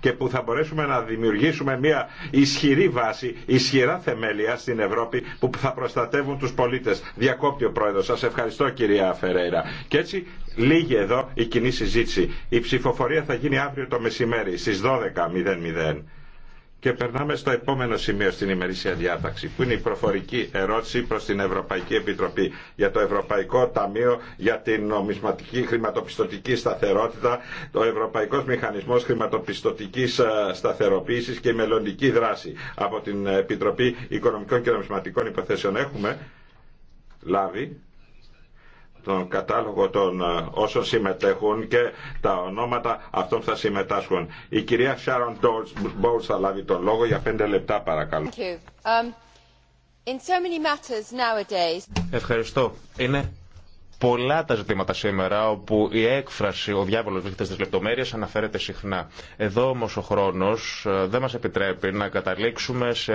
και που θα μπορέσουμε να δημιουργήσουμε μια ισχυρή βάση, ισχυρά θεμέλια στην Ευρώπη που θα προστατεύουν τους πολίτες. Διακόπτει ο Πρόεδρος. Σας ευχαριστώ κυρία Φερέιρα. Και έτσι λίγη εδώ η κοινή συζήτηση. Η ψηφοφορία θα γίνει αύριο το μεσημέρι στις 12.00. Και περνάμε στο επόμενο σημείο στην ημερήσια διάταξη, που είναι η προφορική ερώτηση προ την Ευρωπαϊκή Επιτροπή για το Ευρωπαϊκό Ταμείο για την Νομισματική Χρηματοπιστωτική Σταθερότητα, το Ευρωπαϊκό Μηχανισμό Χρηματοπιστωτική ε, Σταθεροποίηση και η Μελλοντική Δράση. Από την Επιτροπή Οικονομικών και Νομισματικών Υποθέσεων έχουμε λάβει τον κατάλογο των ε, όσων συμμετέχουν και τα ονόματα αυτών που θα συμμετάσχουν. Η κυρία Sharon Bowles θα λάβει τον λόγο για πέντε λεπτά παρακαλώ. Um, Ευχαριστώ πολλά τα ζητήματα σήμερα όπου η έκφραση, ο διάβολος βρίσκεται στις λεπτομέρειες, αναφέρεται συχνά. Εδώ όμως ο χρόνος ε, δεν μας επιτρέπει να καταλήξουμε σε,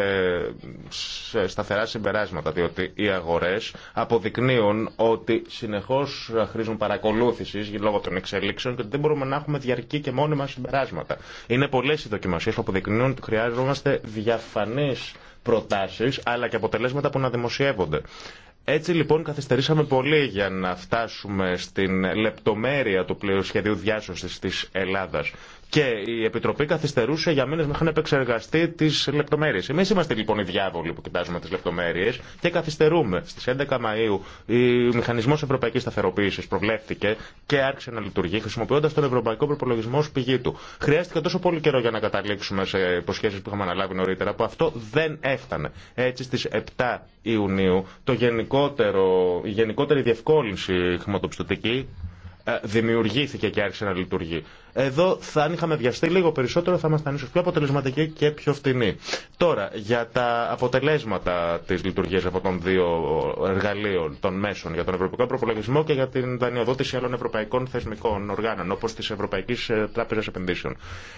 σταθερά συμπεράσματα, διότι οι αγορές αποδεικνύουν ότι συνεχώς χρήζουν παρακολούθησης λόγω των εξελίξεων και ότι δεν μπορούμε να έχουμε διαρκή και μόνιμα συμπεράσματα. Είναι πολλές οι δοκιμασίες που αποδεικνύουν ότι χρειάζομαστε διαφανείς προτάσεις αλλά και αποτελέσματα που να δημοσιεύονται. Έτσι λοιπόν καθυστερήσαμε πολύ για να φτάσουμε στην λεπτομέρεια του σχεδίου διάσωσης της Ελλάδας. Και η Επιτροπή καθυστερούσε για μήνε μέχρι να επεξεργαστεί τι λεπτομέρειε. Εμεί είμαστε λοιπόν οι διάβολοι που κοιτάζουμε τι λεπτομέρειε και καθυστερούμε. Στι 11 Μαου ο Μηχανισμό Ευρωπαϊκή Σταθεροποίηση προβλέφθηκε και άρχισε να λειτουργεί χρησιμοποιώντα τον Ευρωπαϊκό Προπολογισμό ω πηγή του. Χρειάστηκε τόσο πολύ καιρό για να καταλήξουμε σε υποσχέσει που είχαμε αναλάβει νωρίτερα που αυτό δεν έφτανε. Έτσι στι 7 Ιουνίου το γενικότερο, η γενικότερη διευκόλυνση χρηματοπιστωτική ε, δημιουργήθηκε και άρχισε να λειτουργεί. Εδώ θα αν είχαμε βιαστεί λίγο περισσότερο θα ήμασταν ίσως πιο αποτελεσματικοί και πιο φτηνοί. Τώρα, για τα αποτελέσματα της λειτουργίας από των δύο εργαλείων, των μέσων για τον Ευρωπαϊκό Προπολογισμό και για την δανειοδότηση άλλων ευρωπαϊκών θεσμικών οργάνων, όπως της Ευρωπαϊκής ε, Τράπεζας Επενδύσεων.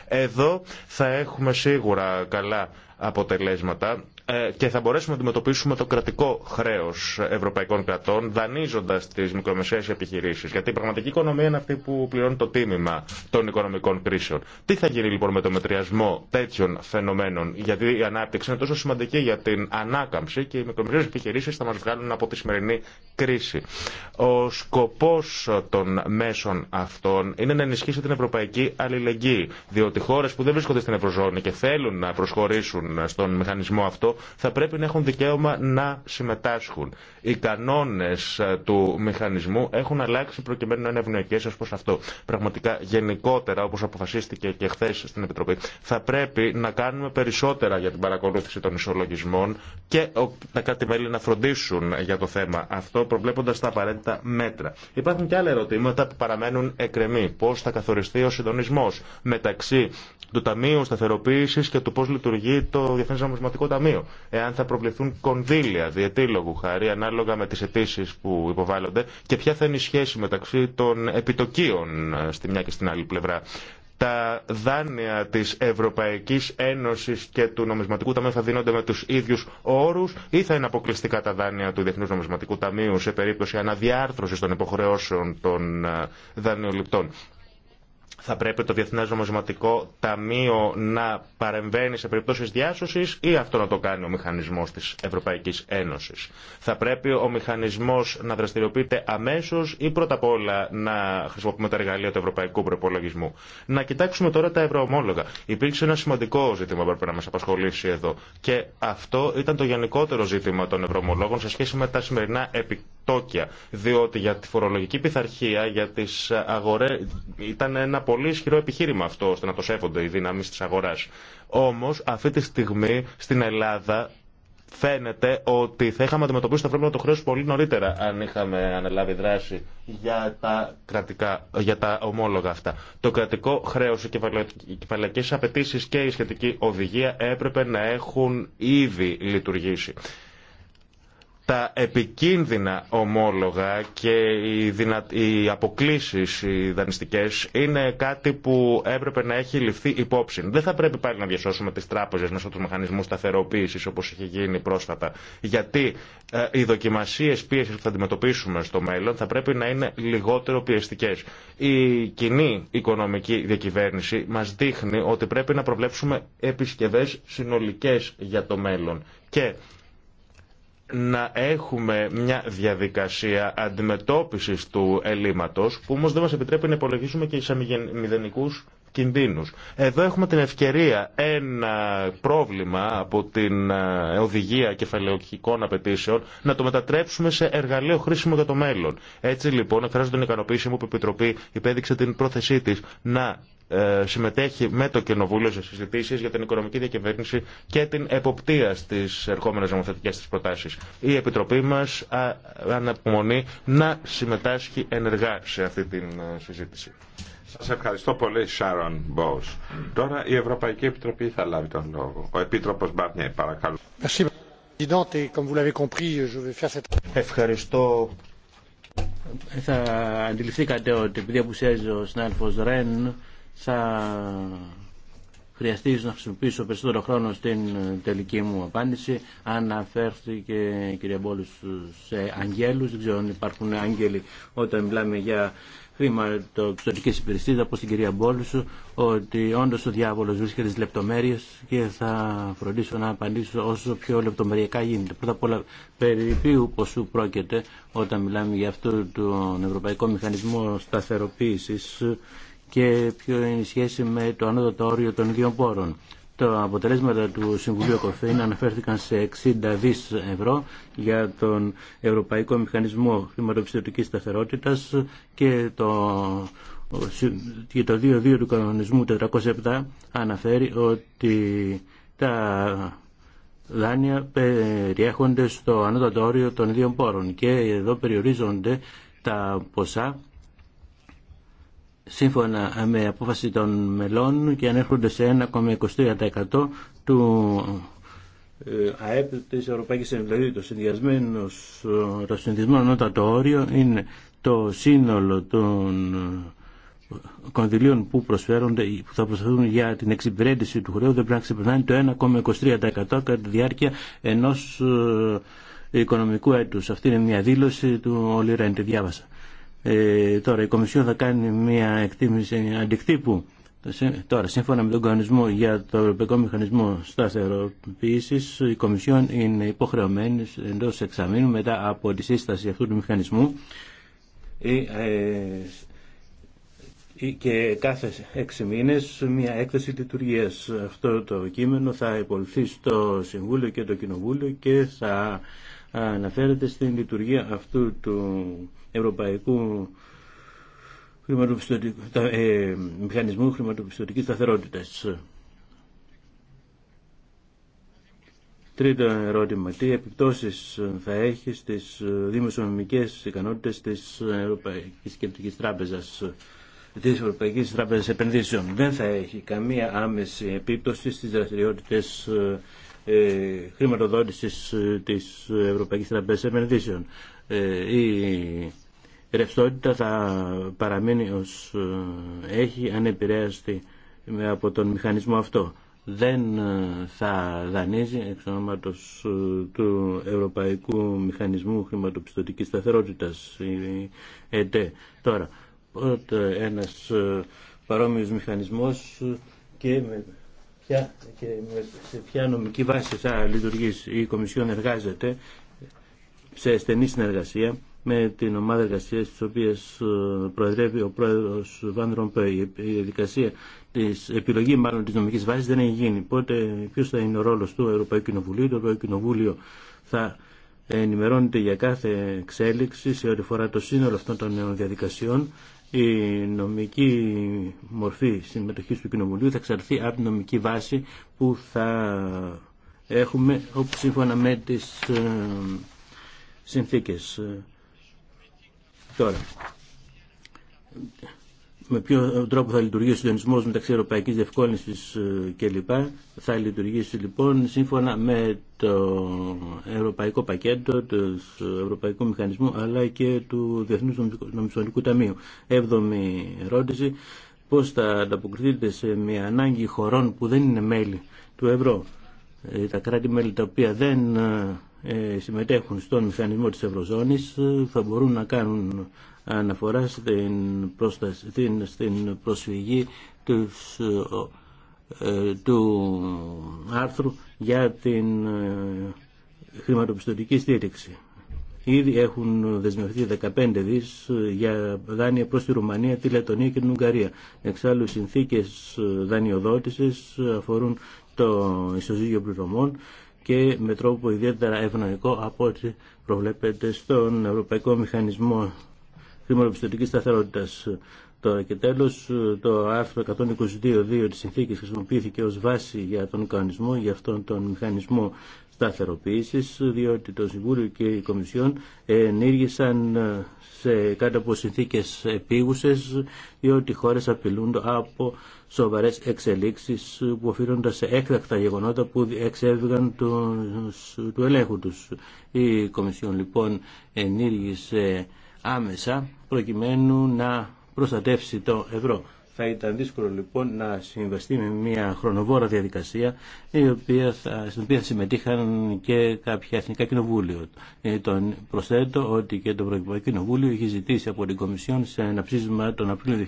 Εδώ θα έχουμε σίγουρα καλά αποτελέσματα ε, και θα μπορέσουμε να αντιμετωπίσουμε το κρατικό χρέο ευρωπαϊκών κρατών, δανείζοντα τι μικρομεσαίε επιχειρήσει. Γιατί η πραγματική οικονομία είναι αυτή που πληρώνει το τίμημα των οικονομικών κρίσεων. Τι θα γίνει λοιπόν με το μετριασμό τέτοιων φαινομένων, γιατί η ανάπτυξη είναι τόσο σημαντική για την ανάκαμψη και οι μικρομεσαίε επιχειρήσει θα μα βγάλουν από τη σημερινή κρίση. Ο σκοπό των μέσων αυτών είναι να ενισχύσει την ευρωπαϊκή αλληλεγγύη. Διότι χώρε που δεν βρίσκονται στην Ευρωζώνη και θέλουν να προσχωρήσουν στον μηχανισμό αυτό θα πρέπει να έχουν δικαίωμα να συμμετάσχουν. Οι κανόνε ε, του μηχανισμού έχουν αλλάξει προκειμένου να είναι ευνοϊκέ ω προ αυτό. Πραγματικά, γενικότερα, όπω αποφασίστηκε και χθε στην Επιτροπή, θα πρέπει να κάνουμε περισσότερα για την παρακολούθηση των ισολογισμών και τα κάτι μελη να φροντίσουν για το θέμα αυτό, προβλέποντα τα απαραίτητα μέτρα. Υπάρχουν και άλλα ερωτήματα που παραμένουν εκρεμή. Πώ θα καθοριστεί ο συντονισμό μεταξύ του Ταμείου Σταθεροποίηση και του πώ λειτουργεί το Διεθνέ Νομισματικό Ταμείο εάν θα προβληθούν κονδύλια διετήλογου χάρη ανάλογα με τις αιτήσει που υποβάλλονται και ποια θα είναι η σχέση μεταξύ των επιτοκίων ε, στη μια και στην άλλη πλευρά τα δάνεια της Ευρωπαϊκής Ένωσης και του Νομισματικού Ταμείου θα δίνονται με τους ίδιους όρους ή θα είναι αποκλειστικά τα δάνεια του Διεθνούς Νομισματικού Ταμείου σε περίπτωση αναδιάρθρωσης των υποχρεώσεων των ε, δανειοληπτών θα πρέπει το Διεθνές Νομισματικό Ταμείο να παρεμβαίνει σε περιπτώσεις διάσωσης ή αυτό να το κάνει ο μηχανισμός της Ευρωπαϊκής Ένωσης. Θα πρέπει ο μηχανισμός να δραστηριοποιείται αμέσως ή πρώτα απ' όλα να χρησιμοποιούμε τα εργαλεία του Ευρωπαϊκού Προπολογισμού. Να κοιτάξουμε τώρα τα ευρωομόλογα. Υπήρξε ένα σημαντικό ζήτημα που έπρεπε να μας απασχολήσει εδώ και αυτό ήταν το γενικότερο ζήτημα των ευρωομολόγων σε σχέση με τα σημερινά επικοινωνία τόκια. Διότι για τη φορολογική πειθαρχία, για τι αγορέ. ήταν ένα πολύ ισχυρό επιχείρημα αυτό ώστε να το σέβονται οι δυνάμει τη αγορά. Όμω αυτή τη στιγμή στην Ελλάδα φαίνεται ότι θα είχαμε αντιμετωπίσει το πρόβλημα του χρέου πολύ νωρίτερα αν είχαμε αναλάβει δράση για τα, κρατικά, για τα ομόλογα αυτά. Το κρατικό χρέο, οι κεφαλαϊκέ απαιτήσει και η σχετική οδηγία έπρεπε να έχουν ήδη λειτουργήσει τα επικίνδυνα ομόλογα και οι, δυνα... οι αποκλήσεις δανειστικές είναι κάτι που έπρεπε να έχει ληφθεί υπόψη. Δεν θα πρέπει πάλι να διασώσουμε τις τράπεζες μέσω του μηχανισμού σταθεροποίησης όπως είχε γίνει πρόσφατα. Γιατί ε, οι δοκιμασίες πίεσης που θα αντιμετωπίσουμε στο μέλλον θα πρέπει να είναι λιγότερο πιεστικές. Η κοινή οικονομική διακυβέρνηση μας δείχνει ότι πρέπει να προβλέψουμε επισκευές συνολικές για το μέλλον. Και να έχουμε μια διαδικασία αντιμετώπισης του ελλείμματος που όμως δεν μας επιτρέπει να υπολογίσουμε και σε μηδενικούς κινδύνους. Εδώ έχουμε την ευκαιρία ένα πρόβλημα από την ε, οδηγία κεφαλαιοκικών απαιτήσεων να το μετατρέψουμε σε εργαλείο χρήσιμο για το μέλλον. Έτσι λοιπόν εκφράζω την ικανοποίησή μου που η Επιτροπή υπέδειξε την πρόθεσή της να ε, συμμετέχει με το Κοινοβούλιο σε συζητήσει για την οικονομική διακυβέρνηση και την εποπτεία στι ερχόμενε νομοθετικέ τη προτάσει. Η Επιτροπή μα αναπομονεί να συμμετάσχει ενεργά σε αυτή την ε, συζήτηση. Σας ευχαριστώ πολύ, Σάρων Μπόου. Τώρα η Ευρωπαϊκή Επιτροπή θα λάβει τον λόγο. Ο Επίτροπο Μπάρνιε, παρακαλώ. Ευχαριστώ. Θα αντιληφθήκατε ότι επειδή αποουσιάζει ο συνάδελφο Ρεν, θα χρειαστεί να χρησιμοποιήσω περισσότερο χρόνο στην τελική μου απάντηση. Αναφέρθηκε η κυρία Μπόλου σε αγγέλους. Δεν ξέρω αν υπάρχουν άγγελοι όταν μιλάμε για χρηματοπιστωτικές υπηρεσίες από την κυρία Μπόλουσου ότι όντω ο διάβολος βρίσκεται στις λεπτομέρειες και θα φροντίσω να απαντήσω όσο πιο λεπτομεριακά γίνεται. Πρώτα απ' όλα περί ποιου ποσού πρόκειται όταν μιλάμε για αυτό τον Ευρωπαϊκό Μηχανισμό Σταθεροποίησης και ποιο είναι η σχέση με το ανώτατο όριο των ίδιων πόρων. Τα αποτελέσματα του Συμβουλίου Κοφέιν αναφέρθηκαν σε 60 δις ευρώ για τον Ευρωπαϊκό Μηχανισμό Χρηματοπιστωτικής Σταθερότητας και το και το 2.2 του κανονισμού 407 αναφέρει ότι τα δάνεια περιέχονται στο ανώτατο όριο των ίδιων πόρων και εδώ περιορίζονται τα ποσά σύμφωνα με απόφαση των μελών και ανέρχονται σε 1,23% του ε, ΑΕΠ της Ευρωπαϊκής Ένωσης. Δηλαδή το συνδυασμένο το συνδυασμό ανώτατο όριο είναι το σύνολο των κονδυλίων που, προσφέρονται, που θα προσφέρουν για την εξυπηρέτηση του χρέου δεν πρέπει να ξεπερνάνε το 1,23% κατά τη διάρκεια ενός ε, οικονομικού έτους. Αυτή είναι μια δήλωση του Όλη Ρέντε. Διάβασα. Ε, τώρα η Κομισιόν θα κάνει μια εκτίμηση αντικτύπου τώρα, σύμφωνα με τον κανονισμό για το Ευρωπαϊκό Μηχανισμό Σταθεροποίησης η Κομισιόν είναι υποχρεωμένη εντός εξαμήνου μετά από τη σύσταση αυτού του μηχανισμού ε, και κάθε έξι μήνες μια έκθεση λειτουργία. Αυτό το κείμενο θα υπολυθεί στο Συμβούλιο και το Κοινοβούλιο και θα αναφέρεται στην λειτουργία αυτού του ευρωπαϊκού ε, μηχανισμού χρηματοπιστωτικής σταθερότητας. Τρίτο ερώτημα. Τι επιπτώσεις θα έχει στις δημοσιονομικές ικανότητες της Ευρωπαϊκής Κεντρικής Τράπεζας της Ευρωπαϊκής Τράπεζας Επενδύσεων. Δεν θα έχει καμία άμεση επίπτωση στις δραστηριότητες ε, χρηματοδότησης της Ευρωπαϊκής Τράπεζας Επενδύσεων. Ε, η ρευστότητα θα παραμείνει ως ε, έχει ανεπηρέαστη από τον μηχανισμό αυτό. Δεν ε, θα δανείζει εξ ονόματος ε, του Ευρωπαϊκού Μηχανισμού Χρηματοπιστωτικής Σταθερότητας, η ΕΤΕ. Τώρα, ένας παρόμοιος μηχανισμός και με και σε ποια νομική βάση θα λειτουργήσει. Η Κομισιόν εργάζεται σε στενή συνεργασία με την ομάδα εργασία τη οποία ε, προεδρεύει ο πρόεδρο Βαν Ρομπέη. Η διαδικασία τη επιλογή μάλλον τη νομική βάση δεν έχει γίνει. Οπότε, ποιο θα είναι ο ρόλο του Ευρωπαϊκού Κοινοβουλίου. Το Ευρωπαϊκό Κοινοβούλιο θα ενημερώνεται για κάθε εξέλιξη σε ό,τι φορά το σύνολο αυτών των νέων διαδικασιών. Η νομική μορφή συμμετοχή του Κοινοβουλίου θα εξαρθεί από την νομική βάση που θα έχουμε όπως σύμφωνα με τι ε, συνθήκες. Τώρα, με ποιο τρόπο θα λειτουργήσει ο συντονισμό μεταξύ Ευρωπαϊκή Διευκόλυνση ε, κλπ. Θα λειτουργήσει λοιπόν σύμφωνα με το Ευρωπαϊκό Πακέτο, του Ευρωπαϊκού Μηχανισμού αλλά και του Διεθνού Νομισματικού Ταμείου. Έβδομη ερώτηση. Πώ θα ανταποκριθείτε σε μια ανάγκη χωρών που δεν είναι μέλη του ευρώ, ε, τα κράτη-μέλη τα οποία δεν ε, ε, συμμετέχουν στον μηχανισμό της Ευρωζώνης ε, θα μπορούν να κάνουν αναφορά στην, στην, προσφυγή τους, ε, του άρθρου για την χρηματοπιστωτική στήριξη. Ήδη έχουν δεσμευτεί 15 δις για δάνεια προς τη Ρουμανία, τη Λετωνία και την Ουγγαρία. Εξάλλου, συνθήκες δανειοδότησης αφορούν στο ισοζύγιο πληρωμών και με τρόπο ιδιαίτερα ευνοϊκό από ό,τι προβλέπεται στον Ευρωπαϊκό Μηχανισμό Χρηματοπιστωτικής Σταθερότητας. Τώρα και τέλος, το άρθρο 122.2 της συνθήκης χρησιμοποιήθηκε ως βάση για τον κανονισμό, για αυτόν τον μηχανισμό σταθεροποίησης διότι το Συμβούλιο και η Κομισιόν ενήργησαν ε, σε κάτω από συνθήκες επίγουσες διότι οι χώρες απειλούνται από σοβαρές εξελίξεις που οφείλονται σε έκτακτα γεγονότα που εξέβηγαν του ελέγχου τους. Η Κομισιόν λοιπόν ενήργησε άμεσα προκειμένου να προστατεύσει το ευρώ. Θα ήταν δύσκολο λοιπόν να συμβαστεί με μια χρονοβόρα διαδικασία η οποία θα, στην οποία συμμετείχαν και κάποια εθνικά κοινοβούλια. Ε, τον προσθέτω ότι και το Ευρωπαϊκό Κοινοβούλιο είχε ζητήσει από την Κομισιόν σε ένα ψήφισμα τον Απρίλιο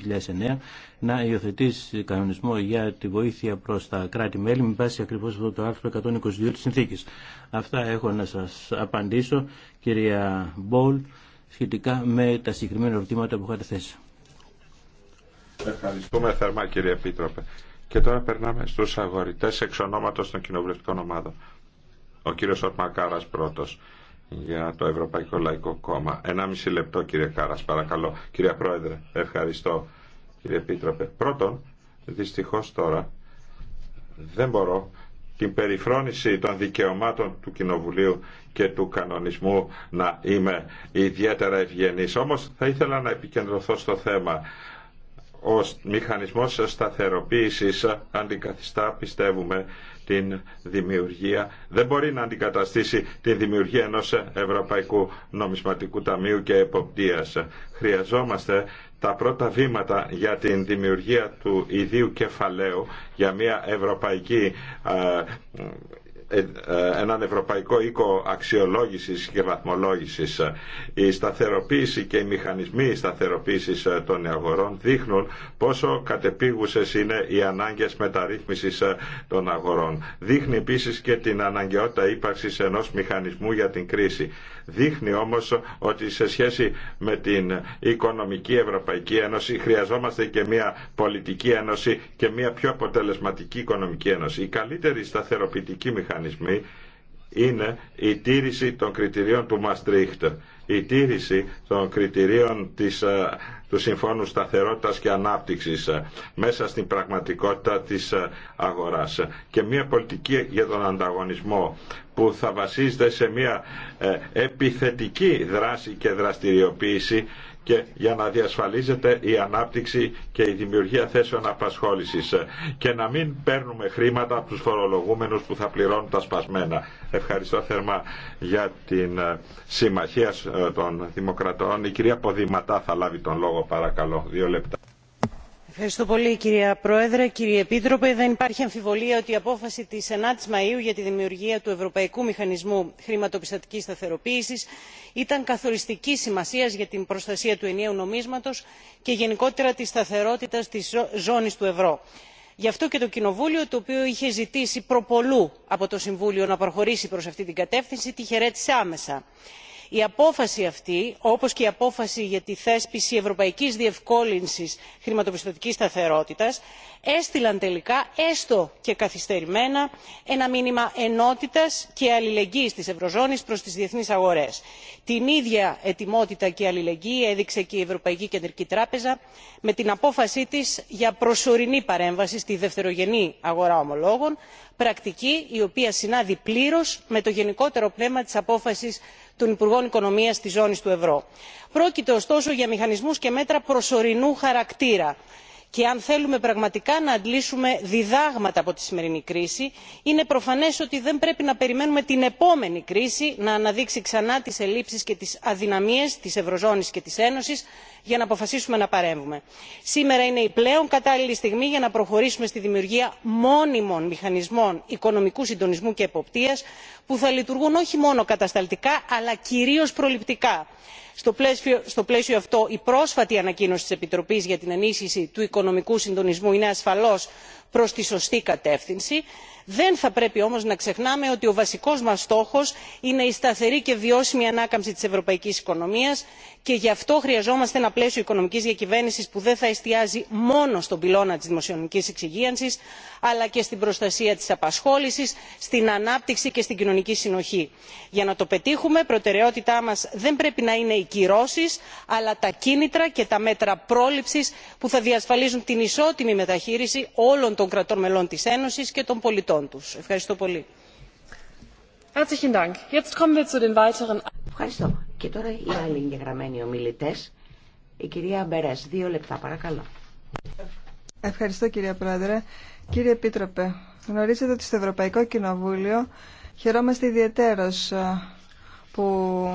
2009 να υιοθετήσει κανονισμό για τη βοήθεια προ τα κράτη-μέλη με βάση ακριβώ αυτό το άρθρο 122 τη συνθήκη. Αυτά έχω να σα απαντήσω, κυρία Μπόλ, σχετικά με τα συγκεκριμένα ερωτήματα που είχατε θέσει. Ευχαριστούμε θερμά κύριε Επίτροπε. Και τώρα περνάμε στους αγορητέ εξ ονόματο των κοινοβουλευτικών ομάδων. Ο κύριος Ορμακάρας πρώτος για το Ευρωπαϊκό Λαϊκό Κόμμα. 1,5 λεπτό κύριε Κάρας παρακαλώ. Κύριε Πρόεδρε, ευχαριστώ κύριε Επίτροπε. Πρώτον, δυστυχώ τώρα δεν μπορώ την περιφρόνηση των δικαιωμάτων του Κοινοβουλίου και του κανονισμού να είμαι ιδιαίτερα ευγενής. Όμως θα ήθελα να επικεντρωθώ στο θέμα ο μηχανισμός σταθεροποίησης αντικαθιστά πιστεύουμε την δημιουργία δεν μπορεί να αντικαταστήσει τη δημιουργία ενός Ευρωπαϊκού Νομισματικού Ταμείου και Εποπτείας. Χρειαζόμαστε τα πρώτα βήματα για την δημιουργία του ιδίου κεφαλαίου για μια ευρωπαϊκή ε, έναν ευρωπαϊκό οίκο αξιολόγησης και βαθμολόγησης. Η σταθεροποίηση και οι μηχανισμοί σταθεροποίησης ε, των αγορών δείχνουν πόσο κατεπίγουσες είναι οι ανάγκες μεταρρύθμισης ε, των αγορών. Δείχνει επίσης και την αναγκαιότητα ύπαρξης ενός μηχανισμού για την κρίση. Δείχνει όμως ότι σε σχέση με την οικονομική Ευρωπαϊκή Ένωση χρειαζόμαστε και μια πολιτική ένωση και μια πιο αποτελεσματική οικονομική ένωση. Η καλύτερη σταθεροποιητική μηχανή είναι η τήρηση των κριτηρίων του Μαστρίχτ, η τήρηση των κριτηρίων της, ε, του Συμφώνου Σταθερότητας και Ανάπτυξης ε, μέσα στην πραγματικότητα της ε, αγοράς και μια πολιτική για τον ανταγωνισμό που θα βασίζεται σε μια επιθετική δράση και δραστηριοποίηση και για να διασφαλίζεται η ανάπτυξη και η δημιουργία θέσεων απασχόλησης και να μην παίρνουμε χρήματα από τους φορολογούμενους που θα πληρώνουν τα σπασμένα. Ευχαριστώ θερμά για την ε, συμμαχία ε, των Δημοκρατών. Η κυρία Ποδηματά θα λάβει τον λόγο παρακαλώ. Δύο λεπτά. Πολύ, κυρία πρόεδρε κύριε επίτροπε δεν υπάρχει αμφιβολία ότι η απόφαση τη 9 η μαου για τη δημιουργία του ευρωπαϊκού μηχανισμού χρηματοπιστωτική σταθεροποίηση ήταν καθοριστική σημασία για την προστασία του ενιαίου νομίσματο και γενικότερα τη σταθερότητα τη ζώνη του ευρώ. γι' αυτό και το κοινοβούλιο το οποίο είχε ζητήσει προπολού από το συμβούλιο να προχωρήσει προ αυτή την κατεύθυνση τη χαιρέτησε άμεσα η απόφαση αυτή όπως και η απόφαση για τη θέσπιση ευρωπαϊκής διευκόλυνσης χρηματοπιστωτικής σταθερότητας έστειλαν τελικά έστω και καθυστερημένα ένα μήνυμα ενότητας και αλληλεγγύης της ευρωζώνης προς τις διεθνείς αγορές. την ίδια ετοιμότητα και αλληλεγγύη έδειξε και η ευρωπαϊκή κεντρική τράπεζα με την απόφασή της για προσωρινή παρέμβαση στη δευτερογενή αγορά ομολόγων πρακτική η οποία συνάδει πλήρως με το γενικότερο πνεύμα της απόφασης των υπουργών οικονομία της ζώνης του ευρώ. πρόκειται ωστόσο για μηχανισμούς και μέτρα προσωρινού χαρακτήρα και αν θέλουμε πραγματικά να αντλήσουμε διδάγματα από τη σημερινή κρίση είναι προφανές ότι δεν πρέπει να περιμένουμε την επόμενη κρίση να αναδείξει ξανά τις ελλείψεις και τις αδυναμίες της ευρωζώνης και της ένωσης για να αποφασίσουμε να παρέμβουμε. σήμερα είναι η πλέον κατάλληλη στιγμή για να προχωρήσουμε στη δημιουργία μόνιμων μηχανισμών οικονομικού συντονισμού και εποπτείας που θα λειτουργούν όχι μόνο κατασταλτικά αλλά κυρίω προληπτικά στο πλαίσιο αυτό η πρόσφατη ανακοίνωση τη Επιτροπή για την ενίσχυση του οικονομικού συντονισμού είναι ασφαλώ προ τη σωστή κατεύθυνση. δεν θα πρέπει όμω να ξεχνάμε ότι ο βασικό μα στόχο είναι η σταθερή και βιώσιμη ανάκαμψη τη Ευρωπαϊκή οικονομίας και γι' αυτό χρειαζόμαστε ένα πλαίσιο οικονομική διακυβέρνηση που δεν θα εστιάζει μόνο στον πυλώνα τη δημοσιονομική εξυγίανση αλλά και στην προστασία τη απασχόληση, στην ανάπτυξη και στην κοινωνική συνοχή. για να το πετύχουμε προτεραιότητά μα δεν πρέπει να είναι κυρώσεις αλλά τα κίνητρα και τα μέτρα πρόληψης που θα διασφαλίζουν την ισότιμη μεταχείριση όλων των κρατών μελών της ένωσης και των πολιτών τους. ευχαριστώ πολύ. Ευχαριστώ. Και τώρα η άλλοι εγγεγραμμένοι ομιλητές. Η κυρία Μπερές, δύο λεπτά παρακαλώ. Ευχαριστώ κυρία Πρόεδρε. Κύριε Επίτροπε, γνωρίζετε ότι στο Ευρωπαϊκό Κοινοβούλιο χαιρόμαστε ε, που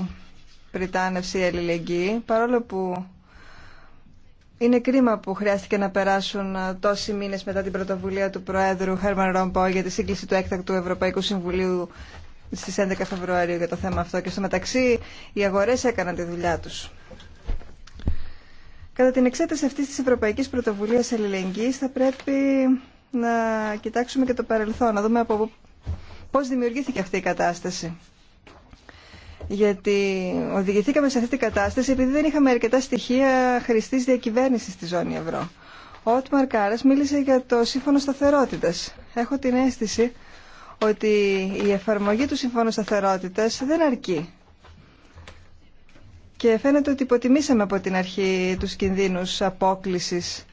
πριτάνευση η αλληλεγγύη, παρόλο που είναι κρίμα που χρειάστηκε να περάσουν ε, τόσοι μήνες μετά την πρωτοβουλία του Προέδρου Χέρμαν Ρομπό για τη σύγκληση του έκτακτου Ευρωπαϊκού Συμβουλίου στις 11 Φεβρουαρίου για το θέμα αυτό και στο μεταξύ οι αγορές έκαναν τη δουλειά τους. Κατά την εξέταση αυτής της Ευρωπαϊκής Πρωτοβουλίας Αλληλεγγύης θα πρέπει να κοιτάξουμε και το παρελθόν, να δούμε από πώς δημιουργήθηκε αυτή η κατάσταση γιατί οδηγηθήκαμε σε αυτή την κατάσταση επειδή δεν είχαμε αρκετά στοιχεία χρηστής διακυβέρνησης στη ζώνη ευρώ. Ο Ότμαρ μίλησε για το Σύμφωνο Σταθερότητας. Έχω την αίσθηση ότι η εφαρμογή του Συμφώνου Σταθερότητας δεν αρκεί. Και φαίνεται ότι υποτιμήσαμε από την αρχή τους κινδύνους απόκλησης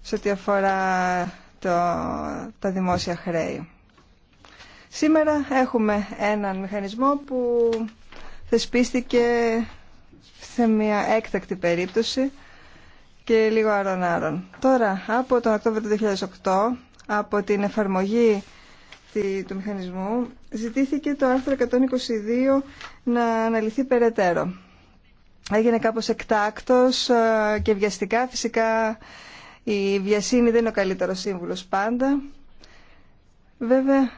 σε ό,τι αφορά τα δημόσια χρέη. Σήμερα έχουμε έναν μηχανισμό που θεσπίστηκε σε μια έκτακτη περίπτωση και λίγο Τώρα, από τον Οκτώβριο του 2008, από την εφαρμογή του μηχανισμού, ζητήθηκε το άρθρο 122 να αναλυθεί περαιτέρω. Έγινε κάπως εκτάκτος ε, και βιαστικά φυσικά η βιασύνη δεν είναι ο καλύτερος σύμβουλος πάντα. Βέβαια,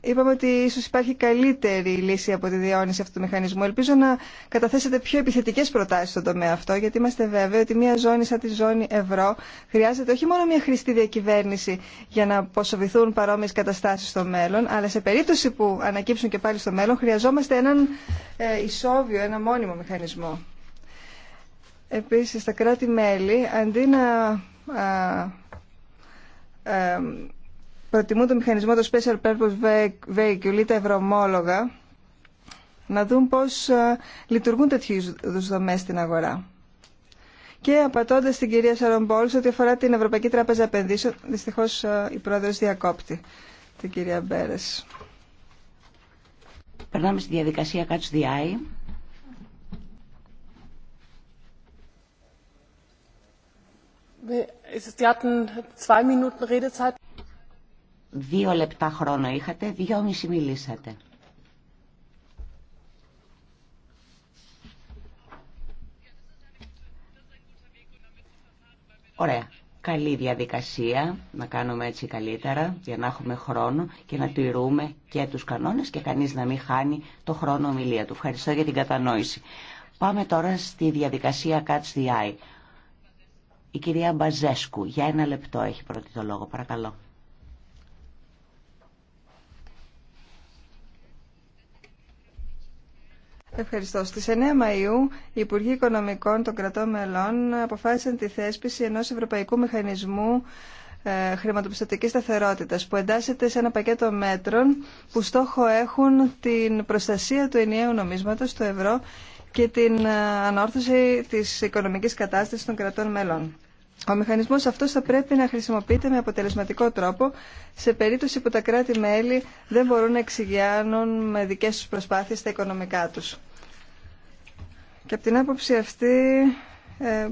είπαμε ότι ίσως υπάρχει καλύτερη λύση από τη διαιώνιση αυτού του μηχανισμού. Ελπίζω να καταθέσετε πιο επιθετικές προτάσεις στον τομέα αυτό, γιατί είμαστε βέβαιοι ότι μια ζώνη σαν τη ζώνη ευρώ χρειάζεται όχι μόνο μια χρηστή διακυβέρνηση για να αποσοβηθούν παρόμοιες καταστάσεις στο μέλλον, αλλά σε περίπτωση που ανακύψουν και πάλι στο μέλλον χρειαζόμαστε έναν ε, ισόβιο, ένα μόνιμο μηχανισμό. Επίσης, τα κράτη-μέλη, αντί να ε, προτιμούν το μηχανισμό το Special Purpose Vehicle ή τα ευρωμόλογα, να δουν πώς ε, λειτουργούν τέτοιου είδους δομές στην αγορά. Και απατώντας την κυρία Σαρομπόλ, ότι αφορά την Ευρωπαϊκή Τράπεζα Επενδύσεων, δυστυχώς ε, η πρόεδρος διακόπτη την κυρία Μπέρες. Περνάμε στη διαδικασία Catch the Eye. Δύο λεπτά χρόνο είχατε, δυόμιση μιλήσατε. Ωραία. Καλή διαδικασία, να κάνουμε έτσι καλύτερα, για να έχουμε χρόνο και να τηρούμε και τους κανόνες και κανείς να μην χάνει το χρόνο ομιλία του. Ευχαριστώ για την κατανόηση. Πάμε τώρα στη διαδικασία Catch the Eye. Η κυρία Μπαζέσκου, για ένα λεπτό έχει πρώτη το λόγο, παρακαλώ. Ευχαριστώ. Στις 9 Μαΐου, οι Υπουργοί Οικονομικών των κρατών μελών αποφάσισαν τη θέσπιση ενός Ευρωπαϊκού Μηχανισμού ε, χρηματοπιστωτικής σταθερότητας που εντάσσεται σε ένα πακέτο μέτρων που στόχο έχουν την προστασία του ενιαίου νομίσματος, του ευρώ και την ε, ανόρθωση της οικονομικής κατάστασης των κρατών μελών. Ο μηχανισμός αυτός θα πρέπει να χρησιμοποιείται με αποτελεσματικό τρόπο σε περίπτωση που τα κράτη-μέλη δεν μπορούν να εξηγιάνουν με δικές τους προσπάθειες τα οικονομικά τους. Και από την άποψη αυτή ε,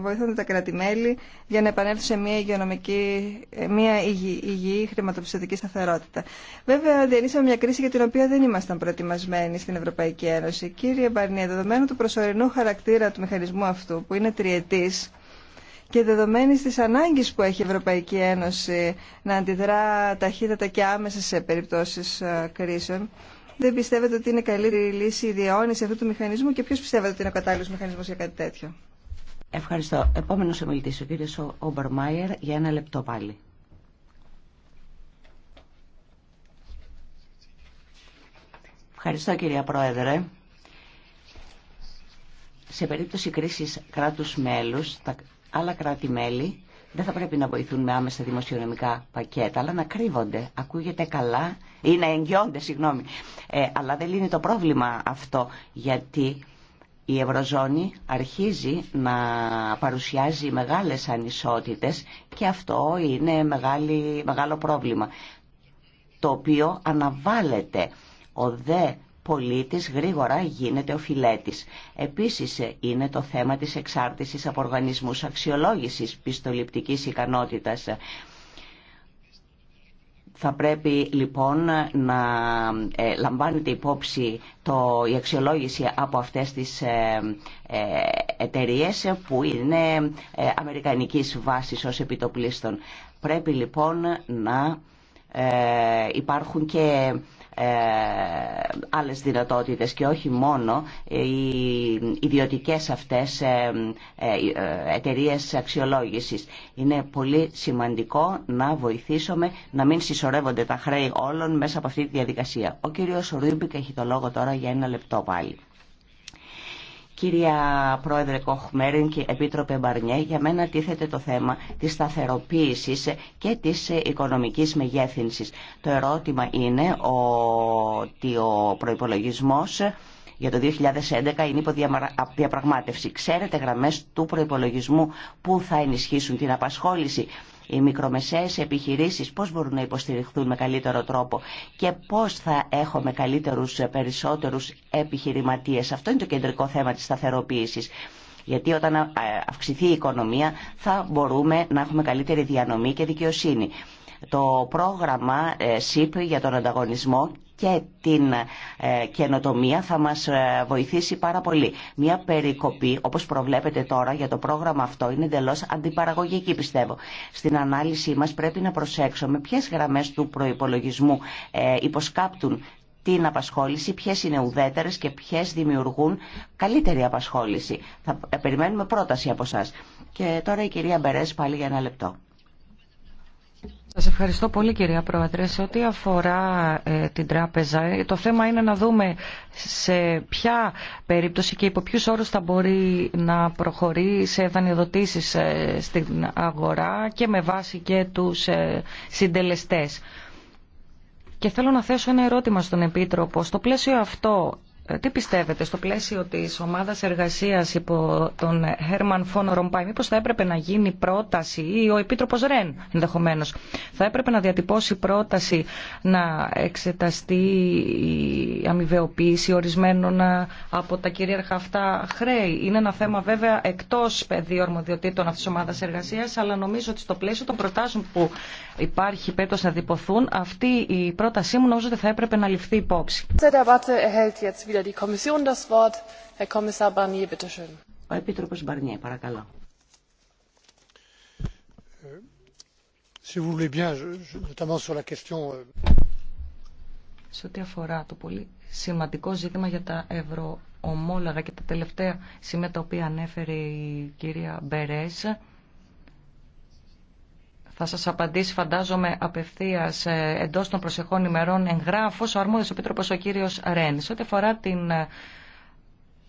βοηθούν τα κράτη-μέλη για να επανέλθουν σε μια, υγειονομική, ε, μια υγιή, υγιή χρηματοπιστωτική σταθερότητα. Βέβαια, διανύσαμε μια κρίση για την οποία δεν ήμασταν προετοιμασμένοι στην Ευρωπαϊκή Ένωση. Κύριε Μπαρνία, δεδομένου του προσωρινού χαρακτήρα του μηχανισμού αυτού, που είναι τριετή και δεδομένη τη ανάγκη που έχει η Ευρωπαϊκή Ένωση να αντιδρά ταχύτατα και άμεσα σε περιπτώσει ε, κρίσεων, δεν πιστεύετε ότι είναι καλύτερη η λύση η διαιώνιση αυτού του μηχανισμού και ποιο πιστεύετε ότι είναι ο κατάλληλο μηχανισμό για κάτι τέτοιο. Ευχαριστώ. Επόμενο ομιλητή, ο κύριο Όμπερμαϊερ, για ένα λεπτό πάλι. Ευχαριστώ κυρία Πρόεδρε. Σε περίπτωση κρίσης κράτους μέλους, τα άλλα κράτη-μέλη δεν θα πρέπει να βοηθούν με άμεσα δημοσιονομικά πακέτα, αλλά να κρύβονται. Ακούγεται καλά ή να εγγυώνται, συγγνώμη. Ε, αλλά δεν λύνει το πρόβλημα αυτό, γιατί η Ευρωζώνη αρχίζει να παρουσιάζει μεγάλες ανισότητες και αυτό είναι μεγάλη, μεγάλο πρόβλημα, το οποίο και αυτο ειναι μεγαλο προβλημα το οποιο αναβαλλεται Ο δε πολίτης γρήγορα γίνεται ο φιλέτης. Επίσης ε, είναι το θέμα της εξάρτησης από οργανισμούς αξιολόγησης πιστοληπτικής ικανότητας. Θα πρέπει λοιπόν να ε, λαμβάνεται υπόψη το, η αξιολόγηση από αυτές τις ε, ε εταιρείες που είναι ε, αμερικανικής βάσης ως επιτοπλίστων. Πρέπει λοιπόν να υπάρχουν και ε, άλλες δυνατότητες και όχι μόνο ε, οι ιδιωτικές αυτές ε, εταιρείες αξιολόγησης. Είναι πολύ σημαντικό να βοηθήσουμε να μην συσσωρεύονται τα χρέη όλων μέσα από αυτή τη διαδικασία. Ο κύριος Ρούμπικ έχει το λόγο τώρα για ένα λεπτό πάλι. Κυρία Πρόεδρε Κοχμέριν και Επίτροπε Μπαρνιέ, για μένα τίθεται το θέμα της σταθεροποίησης και της οικονομικής μεγέθυνσης. Το ερώτημα είναι ότι ο προϋπολογισμός για το 2011 είναι διαπραγμάτευση. Ξέρετε γραμμές του προϋπολογισμού που θα ενισχύσουν την απασχόληση, οι μικρομεσαίες επιχειρήσεις πώς μπορούν να υποστηριχθούν με καλύτερο τρόπο και πώς θα έχουμε καλύτερους ε, περισσότερους επιχειρηματίες. Αυτό είναι το κεντρικό θέμα της σταθεροποίησης. Γιατί όταν ε, αυξηθεί η οικονομία θα μπορούμε να έχουμε καλύτερη διανομή και δικαιοσύνη. Το πρόγραμμα ε, ΣΥΠ για τον ανταγωνισμό και την ε, καινοτομία θα μας ε, βοηθήσει πάρα πολύ. Μια περικοπή, όπως προβλέπετε τώρα για το πρόγραμμα αυτό, είναι εντελώ αντιπαραγωγική πιστεύω. Στην ανάλυση μας πρέπει να προσέξουμε ποιες γραμμές του προϋπολογισμού ε, υποσκάπτουν την απασχόληση, ποιε είναι ουδέτερε και ποιε δημιουργούν καλύτερη απασχόληση. Θα περιμένουμε πρόταση από εσά. Και τώρα η κυρία Μπερές πάλι για ένα λεπτό. Σας ευχαριστώ πολύ κυρία Πρόεδρε. Σε ό,τι αφορά ε, την τράπεζα, ε, το θέμα είναι να δούμε σε ποια περίπτωση και υπό ποιου όρους θα μπορεί να προχωρεί σε δανειοδοτήσεις ε, στην αγορά και με βάση και τους ε, συντελεστές. Και θέλω να θέσω ένα ερώτημα στον Επίτροπο. Στο πλαίσιο αυτό ε, τι πιστεύετε στο πλαίσιο της ομάδα εργασίας υπό τον Χέρμαν von Ρομπάι, μήπως θα έπρεπε να γίνει πρόταση ή ο Επίτροπος Ρεν ενδεχομένως, θα έπρεπε να διατυπώσει πρόταση να εξεταστεί η αμοιβεοποίηση ορισμένων ε, από τα κυρίαρχα αυτά χρέη. Είναι ένα θέμα βέβαια εκτός πεδίου αρμοδιοτήτων αυτής της ομάδας εργασίας, αλλά νομίζω ότι στο πλαίσιο των προτάσεων που υπάρχει πέτος να διποθούν, αυτή η πρότασή μου νομίζω ότι θα έπρεπε να διατυπωσει προταση να εξεταστει η αμοιβεοποιηση ορισμενων απο τα κυριαρχα αυτα χρεη ειναι ενα θεμα βεβαια εκτος πεδιου ορμοδιοτητων αυτης της ομαδα εργασιας υπόψη wieder die Kommission das Wort. Herr Kommissar Barnier, bitte schön. Euh, si vous euh, σε ό,τι αφορά το πολύ σημαντικό ζήτημα για τα ευρωομόλογα και τα τελευταία σημεία τα οποία ανέφερε η κυρία θα σας απαντήσει φαντάζομαι απευθείας ε, εντός των προσεχών ημερών εγγράφος ο αρμόδιος επίτροπος ο κύριος Ρένης. Ό,τι αφορά την ε,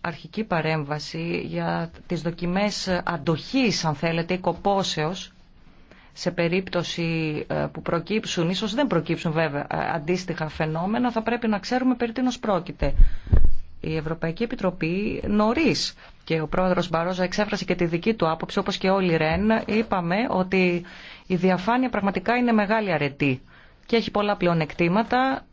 αρχική παρέμβαση για τις δοκιμές αντοχής αν θέλετε ή κοπόσεως σε περίπτωση ε, που προκύψουν, ίσως δεν προκύψουν βέβαια αντίστοιχα φαινόμενα, θα πρέπει να ξέρουμε περί τίνος πρόκειται. Η Ευρωπαϊκή Επιτροπή νωρί και ο πρόεδρος Μπαρόζα εξέφρασε και τη δική του άποψη, όπως και όλοι Ρεν, είπαμε ότι η διαφάνεια πραγματικά είναι μεγάλη αρετή και έχει πολλά πλεονεκτήματα.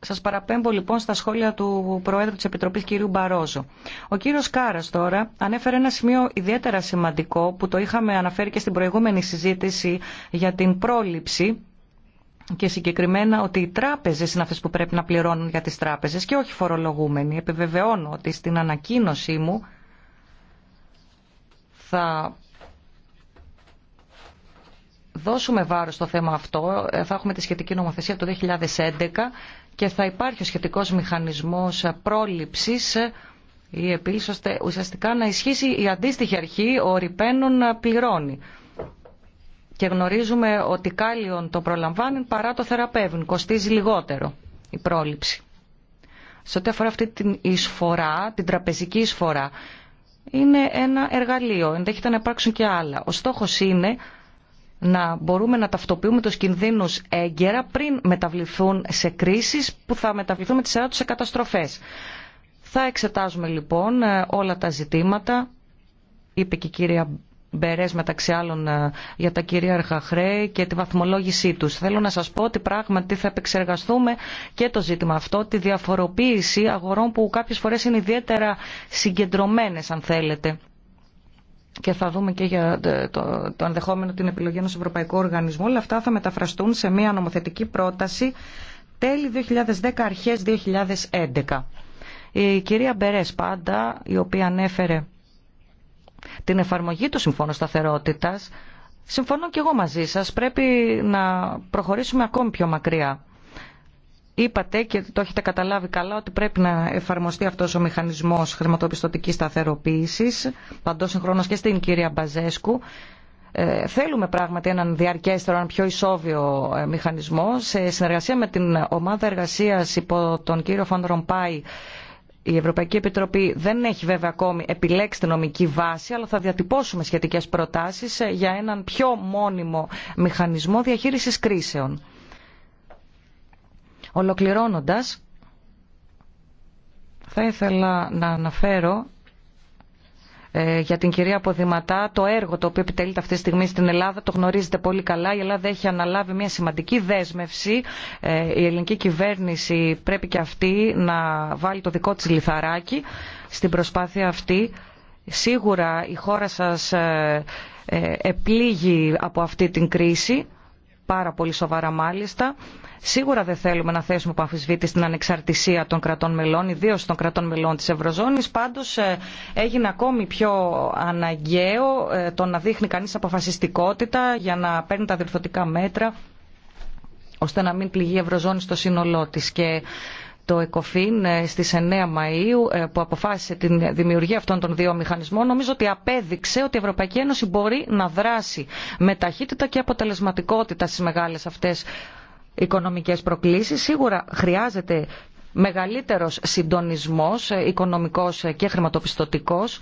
Σας παραπέμπω λοιπόν στα σχόλια του Προέδρου της Επιτροπής κ. Μπαρόζο. Ο κ. Κάρα τώρα ανέφερε ένα σημείο ιδιαίτερα σημαντικό που το είχαμε αναφέρει και στην προηγούμενη συζήτηση για την πρόληψη και συγκεκριμένα ότι οι τράπεζες είναι αυτές που πρέπει να πληρώνουν για τις τράπεζες και όχι φορολογούμενοι. Επιβεβαιώνω ότι στην ανακοίνωσή μου θα δώσουμε βάρος στο θέμα αυτό. Ε, θα έχουμε τη σχετική νομοθεσία από το 2011 και θα υπάρχει ο σχετικός μηχανισμός πρόληψης ή ε, επίλυση ώστε πρόληψη η αντίστοιχη αρχή ο ρηπαίνων πληρώνει. Και γνωρίζουμε ότι κάλιον το προλαμβάνει παρά το θεραπεύουν. Κοστίζει λιγότερο η πρόληψη. Σε ό,τι αφορά αυτή την εισφορά, την τραπεζική εισφορά, είναι ένα εργαλείο. Ενδέχεται να υπάρξουν και άλλα. Ο ρηπαινων πληρωνει και γνωριζουμε οτι κάλλιον το προλαμβανει παρα το θεραπευουν κοστιζει λιγοτερο η προληψη σε οτι αφορα είναι να μπορούμε να ταυτοποιούμε τους κινδύνους έγκαιρα πριν μεταβληθούν σε κρίσεις που θα μεταβληθούν με τη σειρά σε καταστροφές. Θα εξετάζουμε λοιπόν ε, όλα τα ζητήματα, είπε και η κυρία Μπερές μεταξύ άλλων ε, για τα κυρίαρχα χρέη και τη βαθμολόγησή τους. Θέλω να σας πω ότι πράγματι θα επεξεργαστούμε και το ζήτημα αυτό, τη διαφοροποίηση αγορών που κάποιες φορές είναι ιδιαίτερα συγκεντρωμένες αν θέλετε και θα δούμε και για το, το ενδεχόμενο την επιλογή ενός ευρωπαϊκού οργανισμού. Όλα αυτά θα μεταφραστούν σε μια νομοθετική πρόταση τέλη 2010, αρχές 2011. Η κυρία Μπερές πάντα, η οποία ανέφερε την εφαρμογή του Συμφώνου Σταθερότητας, συμφωνώ και εγώ μαζί σας, πρέπει να προχωρήσουμε ακόμη πιο μακριά. Είπατε και το έχετε καταλάβει καλά ότι πρέπει να εφαρμοστεί αυτός ο μηχανισμός χρηματοπιστωτικής σταθεροποίησης, παντός συγχρόνως και στην κυρία Μπαζέσκου. Ε, θέλουμε πράγματι έναν διαρκέστερο, έναν πιο ισόβιο ε, μηχανισμό. Σε συνεργασία με την ομάδα εργασίας υπό τον κύριο Φαντρομπάη, η Ευρωπαϊκή Επιτροπή δεν έχει βέβαια ακόμη επιλέξει την νομική βάση, αλλά θα διατυπώσουμε σχετικές προτάσεις ε, για έναν πιο μόνιμο μηχανισμό διαχείρισης κρίσεων. Ολοκληρώνοντας, θα ήθελα να αναφέρω ε, για την κυρία Ποδηματά το έργο το οποίο επιτελείται αυτή τη στιγμή στην Ελλάδα το γνωρίζετε πολύ καλά. Η Ελλάδα έχει αναλάβει μια σημαντική δέσμευση. Ε, η ελληνική κυβέρνηση πρέπει και αυτή να βάλει το δικό της λιθαράκι στην προσπάθεια αυτή. Σίγουρα η χώρα σας ε, επλήγει από αυτή την κρίση πάρα πολύ σοβαρά μάλιστα. Σίγουρα δεν θέλουμε να θέσουμε που στην ανεξαρτησία των κρατών μελών, ιδίω των κρατών μελών τη Ευρωζώνη. Πάντω ε, έγινε ακόμη πιο αναγκαίο ε, το να δείχνει κανεί αποφασιστικότητα για να παίρνει τα διορθωτικά μέτρα ώστε να μην πληγεί η Ευρωζώνη στο σύνολό τη. Και το ΕΚΟΦΗΝ ε, στις 9 Μαΐου ε, που αποφάσισε τη δημιουργία αυτών των δύο μηχανισμών νομίζω ότι απέδειξε ότι η Ευρωπαϊκή Ένωση μπορεί να δράσει με ταχύτητα και αποτελεσματικότητα στις μεγάλες αυτές οικονομικές προκλήσεις. Σίγουρα χρειάζεται μεγαλύτερος συντονισμός ε, οικονομικός και χρηματοπιστωτικός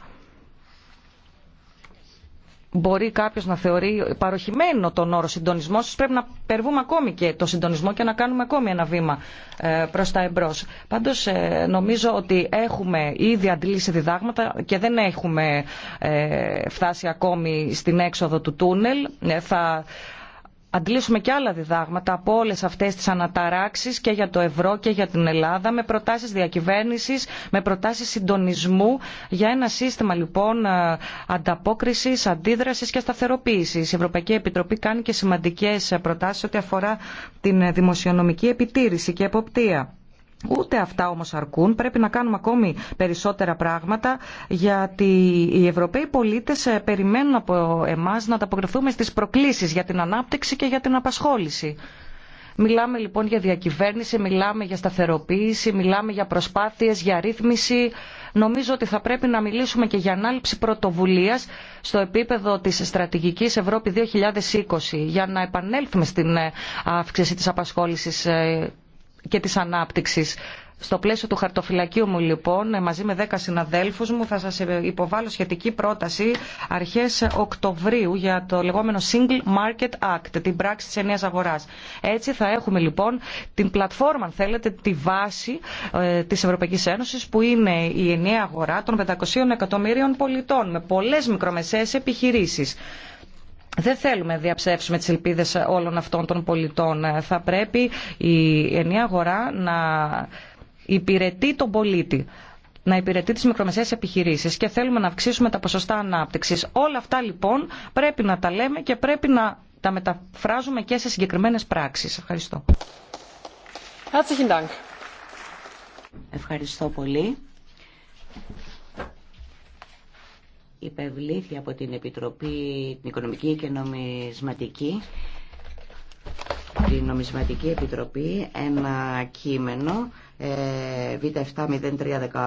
μπορεί κάποιο να θεωρεί παροχημένο τον όρο συντονισμό, πρέπει να περβούμε ακόμη και το συντονισμό και να κάνουμε ακόμη ένα βήμα ε, προ τα εμπρό. Πάντω, ε, νομίζω ότι έχουμε ήδη αντλήσει διδάγματα και δεν έχουμε ε, φτάσει ακόμη στην έξοδο του τούνελ. Θα αντλήσουμε και άλλα διδάγματα από όλες αυτές τις αναταράξεις και για το ευρώ και για την Ελλάδα με προτάσεις διακυβέρνησης, με προτάσεις συντονισμού για ένα σύστημα λοιπόν ε, ανταπόκρισης, αντίδρασης και σταθεροποίησης. Η Ευρωπαϊκή Επιτροπή κάνει και σημαντικές προτάσεις ό,τι αφορά την δημοσιονομική επιτήρηση και εποπτεία Ούτε αυτά όμως αρκούν. Πρέπει να κάνουμε ακόμη περισσότερα πράγματα γιατί οι Ευρωπαίοι πολίτες ε, περιμένουν από εμάς να ανταποκριθούμε στις προκλήσεις για την ανάπτυξη και για την απασχόληση. Μιλάμε λοιπόν για διακυβέρνηση, μιλάμε για σταθεροποίηση, μιλάμε για προσπάθειες, για ρύθμιση. Νομίζω ότι θα πρέπει να μιλήσουμε και για ανάληψη πρωτοβουλίας στο επίπεδο της στρατηγικής Ευρώπη 2020 για να επανέλθουμε στην ε, αύξηση της απασχόλησης ε, και της ανάπτυξης. Στο πλαίσιο του χαρτοφυλακίου μου λοιπόν, ε, μαζί με 10 συναδέλφους μου, θα σας ε, υποβάλω σχετική πρόταση αρχές Οκτωβρίου για το λεγόμενο Single Market Act, την πράξη της ενίας αγοράς. Έτσι θα έχουμε λοιπόν την πλατφόρμα, αν θέλετε, τη βάση ε, της Ευρωπαϊκής Ένωσης που είναι η ενιαία αγορά των 500 εκατομμύριων πολιτών με πολλές μικρομεσαίες επιχειρήσεις δεν θέλουμε να διαψεύσουμε τις ελπίδες όλων αυτών των πολιτών. Θα πρέπει η ενιαία αγορά να υπηρετεί τον πολίτη να υπηρετεί τις μικρομεσαίες επιχειρήσεις και θέλουμε να αυξήσουμε τα ποσοστά ανάπτυξης. Όλα αυτά λοιπόν πρέπει να τα λέμε και πρέπει να τα μεταφράζουμε και σε συγκεκριμένες πράξεις. Ευχαριστώ. Ευχαριστώ πολύ υπευλήθη από την Επιτροπή την Οικονομική και Νομισματική την Νομισματική Επιτροπή ένα κείμενο ε, Β70318